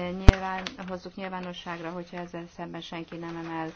nyilván, hozzuk nyilvánosságra, hogyha ezzel szemben senki nem emel